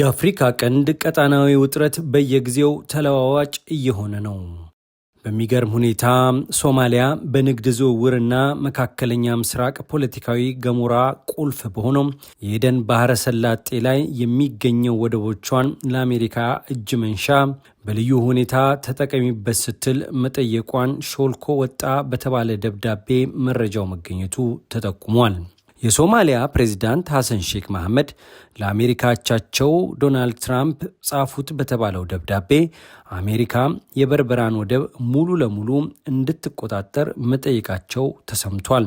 የአፍሪካ ቀንድ ቀጣናዊ ውጥረት በየጊዜው ተለዋዋጭ እየሆነ ነው። በሚገርም ሁኔታ ሶማሊያ በንግድ ዝውውርና መካከለኛ ምስራቅ ፖለቲካዊ ገሞራ ቁልፍ በሆነው የኤደን ባህረ ሰላጤ ላይ የሚገኘው ወደቦቿን ለአሜሪካ እጅ መንሻ በልዩ ሁኔታ ተጠቀሚበት ስትል መጠየቋን ሾልኮ ወጣ በተባለ ደብዳቤ መረጃው መገኘቱ ተጠቁሟል። የሶማሊያ ፕሬዚዳንት ሐሰን ሼክ መሐመድ ለአሜሪካቻቸው ዶናልድ ትራምፕ ጻፉት በተባለው ደብዳቤ አሜሪካ የበርበራን ወደብ ሙሉ ለሙሉ እንድትቆጣጠር መጠየቃቸው ተሰምቷል።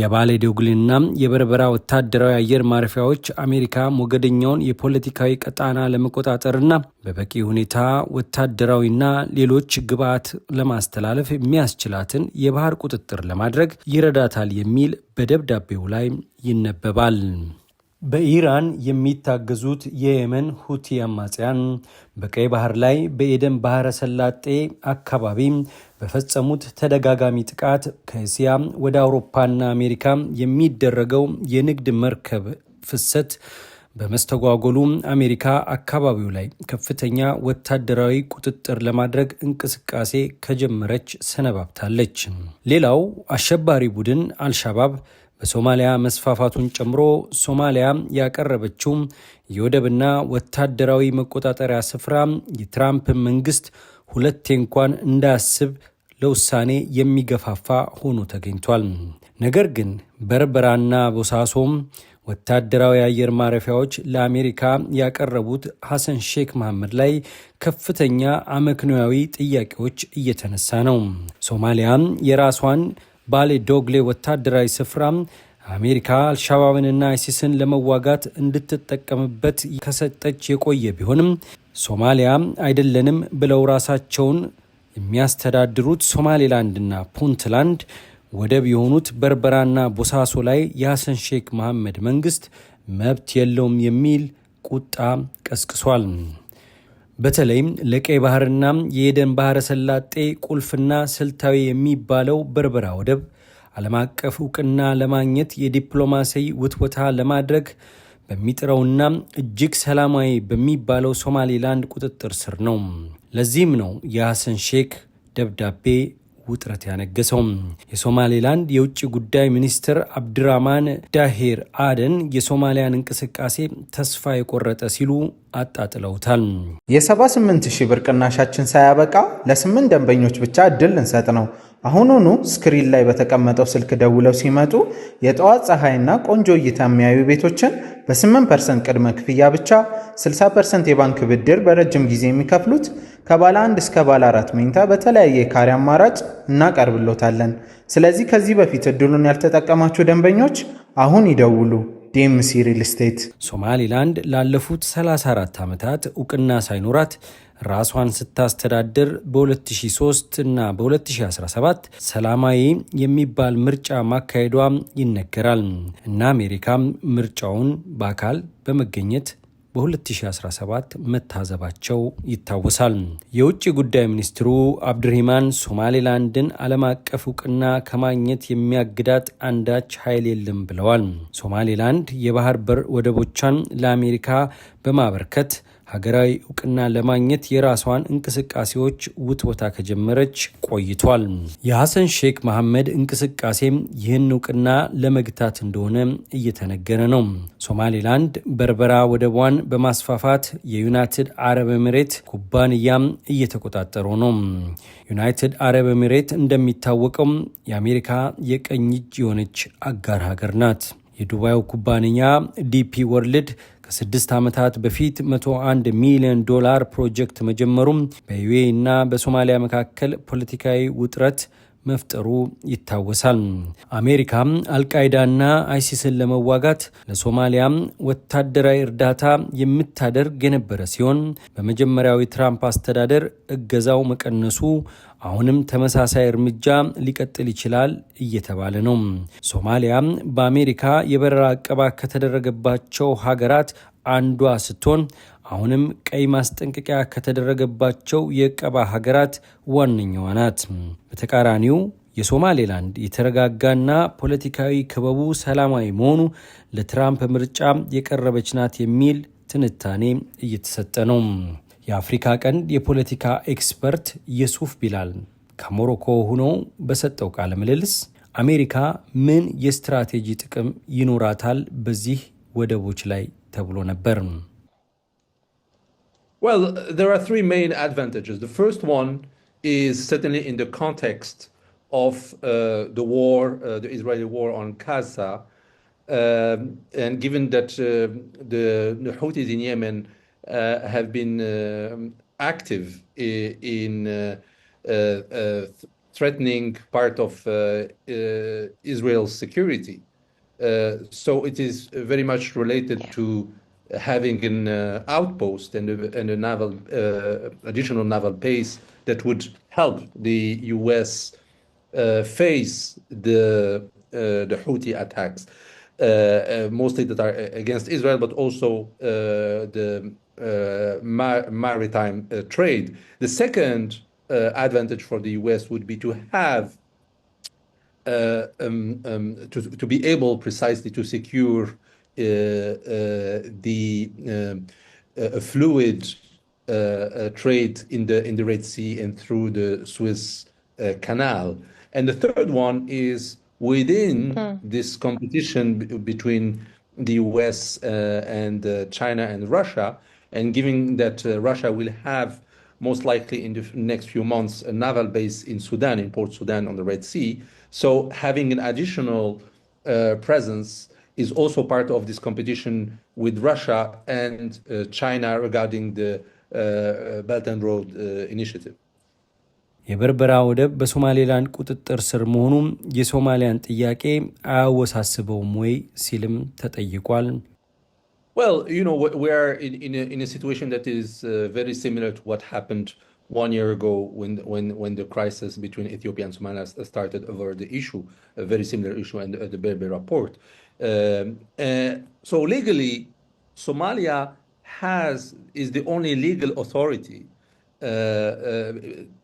የባሌ ዶግልና የበርበራ ወታደራዊ አየር ማረፊያዎች አሜሪካ ሞገደኛውን የፖለቲካዊ ቀጣና ለመቆጣጠርና በበቂ ሁኔታ ወታደራዊና ሌሎች ግብዓት ለማስተላለፍ የሚያስችላትን የባህር ቁጥጥር ለማድረግ ይረዳታል የሚል በደብዳቤው ላይ ይነበባል። በኢራን የሚታገዙት የየመን ሁቲ አማጽያን በቀይ ባህር ላይ በኤደን ባህረ ሰላጤ አካባቢ በፈጸሙት ተደጋጋሚ ጥቃት ከእስያ ወደ አውሮፓና አሜሪካ የሚደረገው የንግድ መርከብ ፍሰት በመስተጓጎሉ አሜሪካ አካባቢው ላይ ከፍተኛ ወታደራዊ ቁጥጥር ለማድረግ እንቅስቃሴ ከጀመረች ሰነባብታለች። ሌላው አሸባሪ ቡድን አልሻባብ በሶማሊያ መስፋፋቱን ጨምሮ ሶማሊያ ያቀረበችው የወደብና ወታደራዊ መቆጣጠሪያ ስፍራ የትራምፕ መንግስት ሁለቴ እንኳን እንዳያስብ ለውሳኔ የሚገፋፋ ሆኖ ተገኝቷል። ነገር ግን በርበራና ቦሳሶም ወታደራዊ አየር ማረፊያዎች ለአሜሪካ ያቀረቡት ሐሰን ሼክ መሐመድ ላይ ከፍተኛ አመክንያዊ ጥያቄዎች እየተነሳ ነው። ሶማሊያ የራሷን ባሌ ዶግሌ ወታደራዊ ስፍራ አሜሪካ አልሻባብንና አይሲስን ለመዋጋት እንድትጠቀምበት ከሰጠች የቆየ ቢሆንም ሶማሊያ አይደለንም ብለው ራሳቸውን የሚያስተዳድሩት ሶማሌላንድና ፑንትላንድ ወደብ የሆኑት በርበራና ቦሳሶ ላይ የሐሰን ሼክ መሐመድ መንግስት መብት የለውም የሚል ቁጣ ቀስቅሷል። በተለይም ለቀይ ባህርና የኤደን ባህረ ሰላጤ ቁልፍና ስልታዊ የሚባለው በርበራ ወደብ ዓለም አቀፍ እውቅና ለማግኘት የዲፕሎማሲ ውትወታ ለማድረግ በሚጥረውና እጅግ ሰላማዊ በሚባለው ሶማሌላንድ ቁጥጥር ስር ነው። ለዚህም ነው የሐሰን ሼክ ደብዳቤ ውጥረት ያነገሰው። የሶማሌላንድ የውጭ ጉዳይ ሚኒስትር አብድራማን ዳሄር አደን የሶማሊያን እንቅስቃሴ ተስፋ የቆረጠ ሲሉ አጣጥለውታል። የ78 ሺህ ብር ቅናሻችን ሳያበቃ ለስምንት ደንበኞች ብቻ እድል እንሰጥ ነው አሁኑኑ ስክሪን ላይ በተቀመጠው ስልክ ደውለው ሲመጡ የጠዋት ፀሐይና ቆንጆ እይታ የሚያዩ ቤቶችን በ8% ቅድመ ክፍያ ብቻ 60% የባንክ ብድር በረጅም ጊዜ የሚከፍሉት ከባለ 1 እስከ ባለ አራት መኝታ በተለያየ የካሬ አማራጭ እናቀርብሎታለን። ስለዚህ ከዚህ በፊት እድሉን ያልተጠቀማችሁ ደንበኞች አሁን ይደውሉ። ዲኤምሲ ሪል ስቴት ሶማሊላንድ ላለፉት 34 ዓመታት እውቅና ሳይኖራት ራሷን ስታስተዳድር በ2003 እና በ2017 ሰላማዊ የሚባል ምርጫ ማካሄዷ ይነገራል እና አሜሪካም ምርጫውን በአካል በመገኘት በ2017 መታዘባቸው ይታወሳል። የውጭ ጉዳይ ሚኒስትሩ አብድርሂማን ሶማሌላንድን ዓለም አቀፍ እውቅና ከማግኘት የሚያግዳት አንዳች ኃይል የለም ብለዋል። ሶማሌላንድ የባህር በር ወደቦቿን ለአሜሪካ በማበርከት ሀገራዊ እውቅና ለማግኘት የራሷን እንቅስቃሴዎች ውትወታ ከጀመረች ቆይቷል። የሐሰን ሼክ መሐመድ እንቅስቃሴም ይህን እውቅና ለመግታት እንደሆነ እየተነገረ ነው። ሶማሌላንድ በርበራ ወደቧን በማስፋፋት የዩናይትድ አረብ ኤምሬት ኩባንያም እየተቆጣጠረው ነው። ዩናይትድ አረብ ኤምሬት እንደሚታወቀው የአሜሪካ የቀኝ እጅ የሆነች አጋር ሀገር ናት። የዱባዩ ኩባንያ ዲፒ ወርልድ ከስድስት ዓመታት በፊት 101 ሚሊዮን ዶላር ፕሮጀክት መጀመሩም በዩኤ እና በሶማሊያ መካከል ፖለቲካዊ ውጥረት መፍጠሩ ይታወሳል። አሜሪካ አልቃይዳና አይሲስን ለመዋጋት ለሶማሊያ ወታደራዊ እርዳታ የምታደርግ የነበረ ሲሆን በመጀመሪያዊ ትራምፕ አስተዳደር እገዛው መቀነሱ አሁንም ተመሳሳይ እርምጃ ሊቀጥል ይችላል እየተባለ ነው። ሶማሊያ በአሜሪካ የበረራ አቀባ ከተደረገባቸው ሀገራት አንዷ ስትሆን አሁንም ቀይ ማስጠንቀቂያ ከተደረገባቸው የቀባ ሀገራት ዋነኛዋ ናት። በተቃራኒው የሶማሌላንድ የተረጋጋና ፖለቲካዊ ክበቡ ሰላማዊ መሆኑ ለትራምፕ ምርጫ የቀረበች ናት የሚል ትንታኔ እየተሰጠ ነው። የአፍሪካ ቀንድ የፖለቲካ ኤክስፐርት የሱፍ ቢላል ከሞሮኮ ሆኖ በሰጠው ቃለ ምልልስ አሜሪካ ምን የስትራቴጂ ጥቅም ይኖራታል በዚህ ወደቦች ላይ ተብሎ ነበር። Well, there are three main advantages. The first one is certainly in the context of uh, the war, uh, the Israeli war on Gaza, um, and given that uh, the, the, Houthis in Yemen uh, have been um, active in uh, uh, threatening part of Israel's security, so it is very much related to having an uh, outpost and a, and a naval uh, additional naval base that would help the U.S. Uh, face the uh, the Houthi attacks, uh, uh, mostly that are against Israel, but also the maritime trade. The second advantage for the U.S. would be to have um, um, to, to be able precisely to secure uh, uh, the uh, fluid trade in the Red Sea and through the Swiss Canal. and The third one is within hmm. this competition between the U.S. and China and Russia, and given that Russia will have most likely in the next few months a naval base in Sudan, in Port Sudan on the Red Sea. so Having an additional presence is also part of this competition with Russia and uh, China regarding the uh, uh, Belt and Road Initiative. የበርበራ ወደብ በሶማሌላንድ ቁጥጥር ስር መሆኑም የሶማሊያን ጥያቄ አያወሳስበውም ወይ ሲልም ተጠይቋል። Well, you know, we are in, in, a, in a situation that is uh, very similar to what happened one year ago when, when, when the crisis between Ethiopia and Somalia started over the issue, a very similar issue and uh, the Berber report. Uh, um, uh, so legally, Somalia has is the only legal authority uh, uh,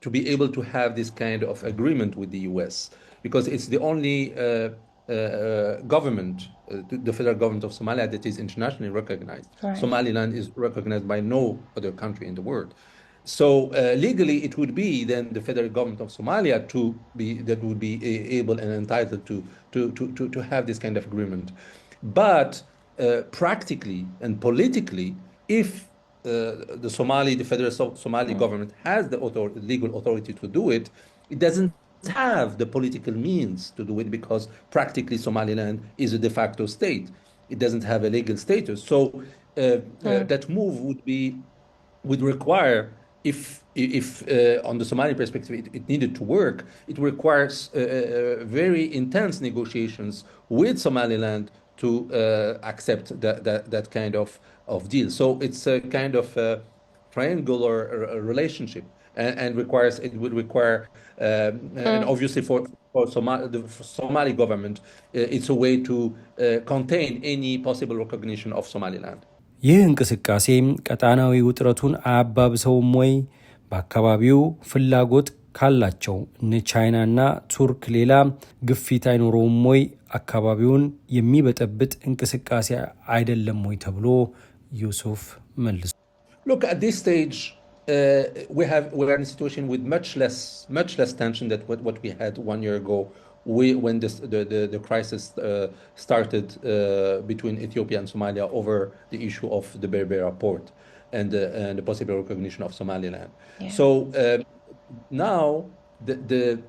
to be able to have this kind of agreement with the U.S. because it's the only uh, uh, uh government, the federal government of Somalia, that is internationally recognized. Right. Somaliland is recognized by no other country in the world. So uh, legally, it would be then the federal government of Somalia to be that would be uh, able and entitled to to to to, to have this kind of agreement, but uh, practically and politically, if uh, the Somali, the federal so- Somali mm. government has the author- legal authority to do it, it doesn't have the political means to do it because practically Somaliland is a de facto state. It doesn't have a legal status. So mm. that move would be would require if if uh, on the Somali perspective it, it, needed to work, it requires uh, uh, very intense negotiations with Somaliland to uh, accept that, that that kind of of deal. So it's a kind of a triangular relationship, and, and requires it would require um, mm. and obviously for. For Somali, the Somali government, uh, it's a way to uh, contain any possible recognition of Somaliland. ይህ እንቅስቃሴ ቀጣናዊ ውጥረቱን አያባብሰውም ወይ? በአካባቢው ፍላጎት ካላቸው እነ ቻይናና ቱርክ ሌላ ግፊት አይኖረውም ወይ? አካባቢውን የሚበጠብጥ እንቅስቃሴ አይደለም ወይ? ተብሎ ዩሱፍ መልሶ ሉክ we, when this, the, the, the crisis uh, started uh, between Ethiopia and Somalia over the issue of the Berbera port and, uh, and the possible recognition of Somaliland. Yeah. So um, now the, the,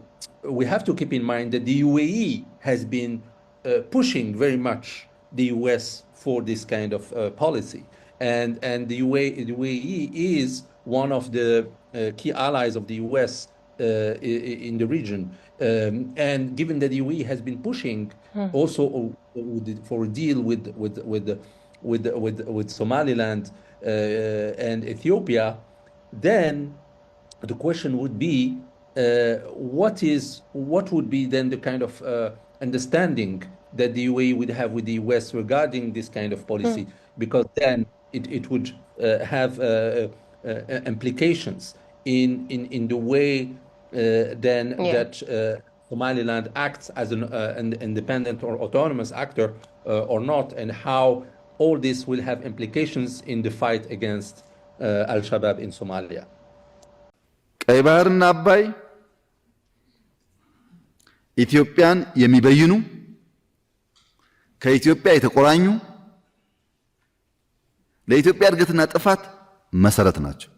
we have to keep in mind that the UAE has been uh, pushing very much the US for this kind of uh, policy. And, and the, UAE, the UAE is one of the uh, key allies of the US uh, in the region. Um, and given that the UAE has been pushing hmm. also for a deal with with with with with, with Somaliland uh, and Ethiopia, then the question would be uh, what is what would be then the kind of uh, understanding that the UAE would have with the US regarding this kind of policy, hmm. because then it, it would uh, have uh, implications in, in in the way uh, then yeah. that uh, Somaliland acts as an, uh, an, independent or autonomous actor or not, and how all this will have implications in the fight against Al Shabaab in Somalia. ቀይ ባህርና አባይ ኢትዮጵያን የሚበይኑ ከኢትዮጵያ የተቆራኙ ለኢትዮጵያ እድገትና ጥፋት መሰረት ናቸው።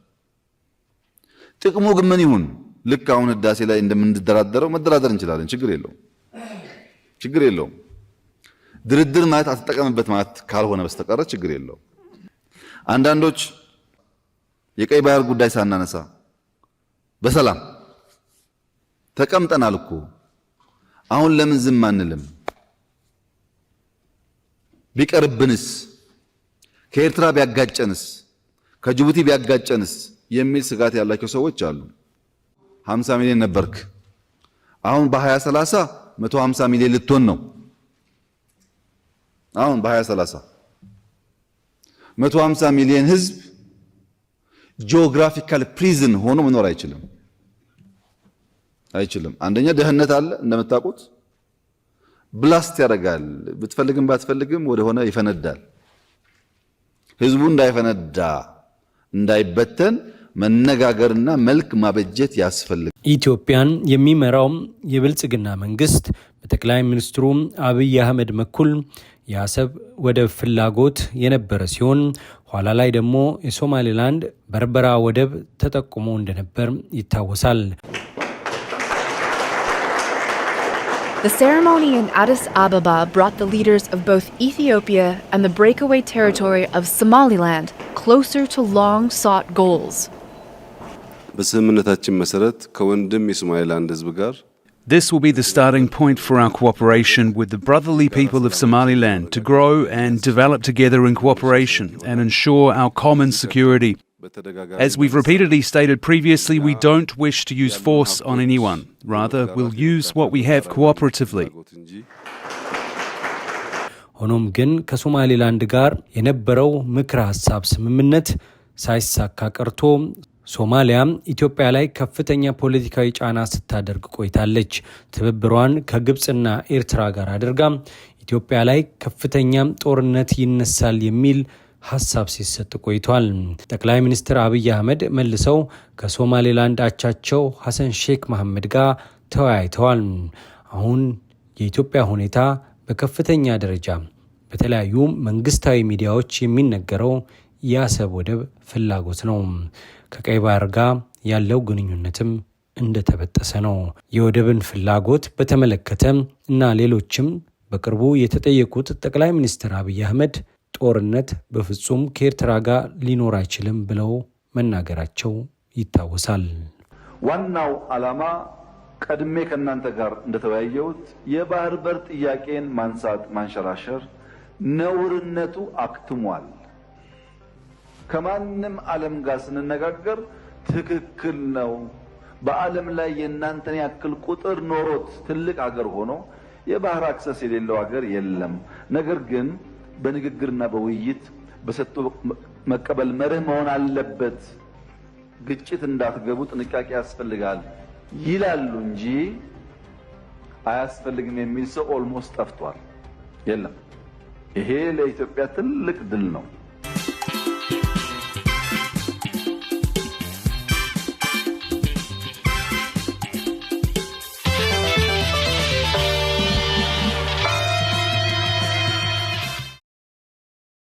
ጥቅሙ ግን ምን ይሁን? ልክ አሁን ህዳሴ ላይ እንደምንደራደረው መደራደር እንችላለን። ችግር የለውም፣ ችግር የለውም። ድርድር ማለት አትጠቀምበት ማለት ካልሆነ በስተቀረ ችግር የለውም። አንዳንዶች የቀይ ባህር ጉዳይ ሳናነሳ በሰላም ተቀምጠናል እኮ አሁን ለምን ዝም አንልም? ቢቀርብንስ? ከኤርትራ ቢያጋጨንስ? ከጅቡቲ ቢያጋጨንስ? የሚል ስጋት ያላቸው ሰዎች አሉ። 50 ሚሊዮን ነበርክ። አሁን በ2030 150 ሚሊዮን ልትሆን ነው። አሁን በ2030 150 ሚሊዮን ህዝብ ጂኦግራፊካል ፕሪዝን ሆኖ መኖር አይችልም አይችልም። አንደኛ ደህንነት አለ እንደምታውቁት፣ ብላስት ያደርጋል። ብትፈልግም ባትፈልግም ወደሆነ ይፈነዳል። ህዝቡ እንዳይፈነዳ እንዳይበተን መነጋገርና መልክ ማበጀት ያስፈልጋል። ኢትዮጵያን የሚመራው የብልጽግና መንግስት በጠቅላይ ሚኒስትሩ አብይ አህመድ በኩል የአሰብ ወደብ ፍላጎት የነበረ ሲሆን ኋላ ላይ ደግሞ የሶማሌላንድ በርበራ ወደብ ተጠቁሞ እንደነበር ይታወሳል። The ceremony in Addis Ababa brought the leaders of both Ethiopia and the breakaway territory of Somaliland closer to long sought goals. በስምምነታችን መሰረት ከወንድም የሶማሌላንድ ህዝብ ጋር This will be the starting point for our cooperation with the brotherly people of Somaliland to grow and develop together in cooperation and ensure our common security. As we've repeatedly stated previously, we don't wish to use force on anyone. Rather, we'll use what we have cooperatively. ሆኖም ግን ከሶማሌላንድ ጋር የነበረው ምክረ ሀሳብ ስምምነት ሳይሳካ ቀርቶ ሶማሊያ ኢትዮጵያ ላይ ከፍተኛ ፖለቲካዊ ጫና ስታደርግ ቆይታለች። ትብብሯን ከግብፅና ኤርትራ ጋር አድርጋ ኢትዮጵያ ላይ ከፍተኛም ጦርነት ይነሳል የሚል ሀሳብ ሲሰጥ ቆይቷል። ጠቅላይ ሚኒስትር አብይ አህመድ መልሰው ከሶማሌላንድ አቻቸው ሐሰን ሼክ መሐመድ ጋር ተወያይተዋል። አሁን የኢትዮጵያ ሁኔታ በከፍተኛ ደረጃ በተለያዩ መንግስታዊ ሚዲያዎች የሚነገረው የአሰብ ወደብ ፍላጎት ነው። ከቀይ ባህር ጋር ያለው ግንኙነትም እንደተበጠሰ ነው። የወደብን ፍላጎት በተመለከተ እና ሌሎችም በቅርቡ የተጠየቁት ጠቅላይ ሚኒስትር አብይ አህመድ ጦርነት በፍጹም ከኤርትራ ጋር ሊኖር አይችልም ብለው መናገራቸው ይታወሳል። ዋናው ዓላማ ቀድሜ ከእናንተ ጋር እንደተወያየሁት የባህር በር ጥያቄን ማንሳት ማንሸራሸር ነውርነቱ አክትሟል። ከማንም ዓለም ጋር ስንነጋገር ትክክል ነው። በዓለም ላይ የእናንተን ያክል ቁጥር ኖሮት ትልቅ አገር ሆኖ የባህር አክሰስ የሌለው አገር የለም። ነገር ግን በንግግርና በውይይት በሰጥቶ መቀበል መርህ መሆን አለበት። ግጭት እንዳትገቡ ጥንቃቄ ያስፈልጋል ይላሉ እንጂ አያስፈልግም የሚል ሰው ኦልሞስት ጠፍቷል። የለም። ይሄ ለኢትዮጵያ ትልቅ ድል ነው።